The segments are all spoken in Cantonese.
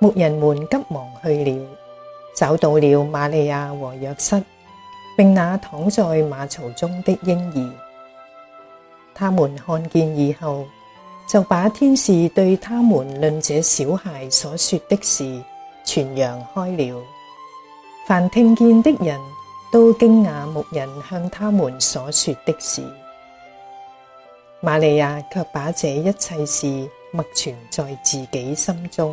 牧人們急忙去了，找到了瑪利亞和若瑟，並那躺在馬槽中的嬰兒。他們看見以後，就把天使對他們論這小孩所說的事傳揚開了。凡聽見的人都驚訝牧人向他們所說的事。瑪利亞卻把這一切事默存在自己心中。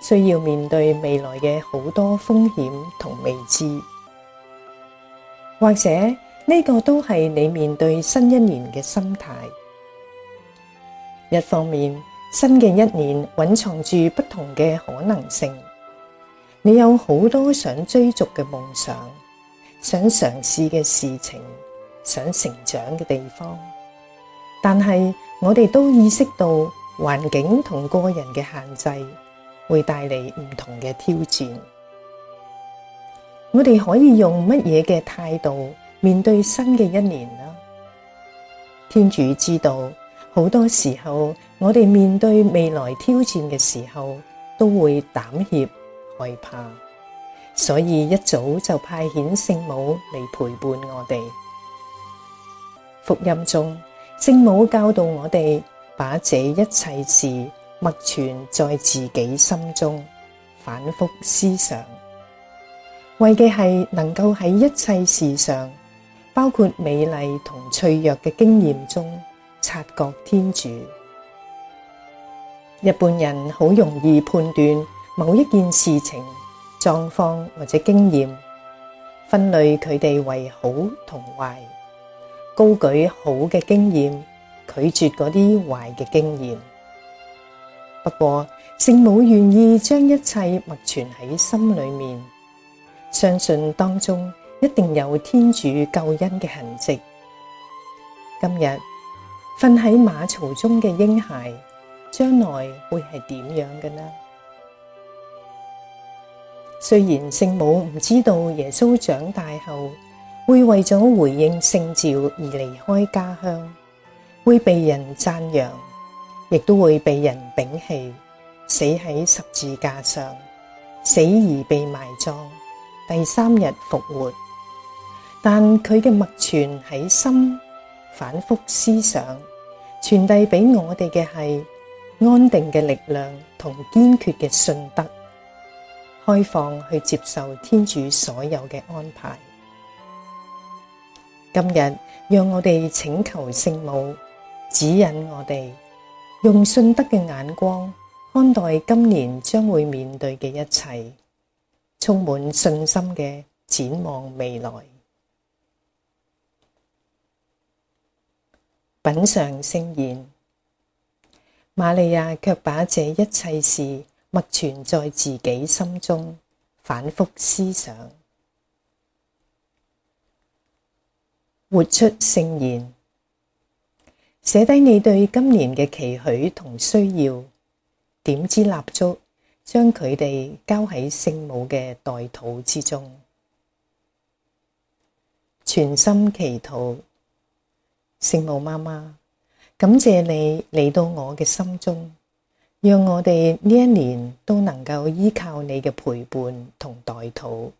需要面對未來嘅好多風險同未知，或者呢個都係你面對新一年嘅心態。一方面，新嘅一年蘊藏住不同嘅可能性，你有好多想追逐嘅夢想，想嘗試嘅事情，想成長嘅地方。但係我哋都意識到環境同個人嘅限制。會帶嚟唔同嘅挑戰，我哋可以用乜嘢嘅態度面對新嘅一年呢？天主知道，好多時候我哋面對未來挑戰嘅時候，都會膽怯害怕，所以一早就派遣聖母嚟陪伴我哋。福音中，聖母教導我哋把這一切事，默存在自己心中，反覆思想，為嘅係能夠喺一切事上，包括美麗同脆弱嘅經驗中，察覺天主。一般人好容易判斷某一件事情、狀況或者經驗，分類佢哋為好同壞，高舉好嘅經驗，拒絕嗰啲壞嘅經驗。不過聖母願意將一切默存喺心裏面，相信當中一定有天主救恩嘅痕跡。今日瞓喺馬槽中嘅嬰孩，將來會係點樣嘅呢？雖然聖母唔知道耶穌長大後會為咗回應聖召而離開家鄉，會被人讚揚。亦都會被人摒棄，死喺十字架上，死而被埋葬，第三日復活。但佢嘅默存喺心，反覆思想，傳遞俾我哋嘅係安定嘅力量同堅決嘅信德，開放去接受天主所有嘅安排。今日讓我哋請求聖母指引我哋。用信德嘅眼光看待今年將會面對嘅一切，充滿信心嘅展望未來，品嚐聖言。瑪利亞卻把這一切事默存在自己心中，反覆思想，活出聖言。寫低你對今年嘅期許同需要，點支蠟燭，將佢哋交喺聖母嘅代禱之中，全心祈禱。聖母媽媽，感謝你嚟到我嘅心中，讓我哋呢一年都能夠依靠你嘅陪伴同代禱。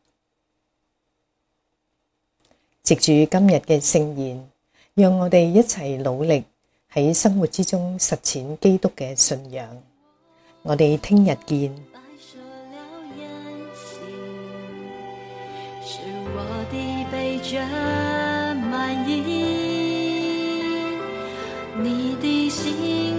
藉住今日嘅聖言，讓我哋一齊努力，喺生活之中實踐基督嘅信仰，我哋聽日見。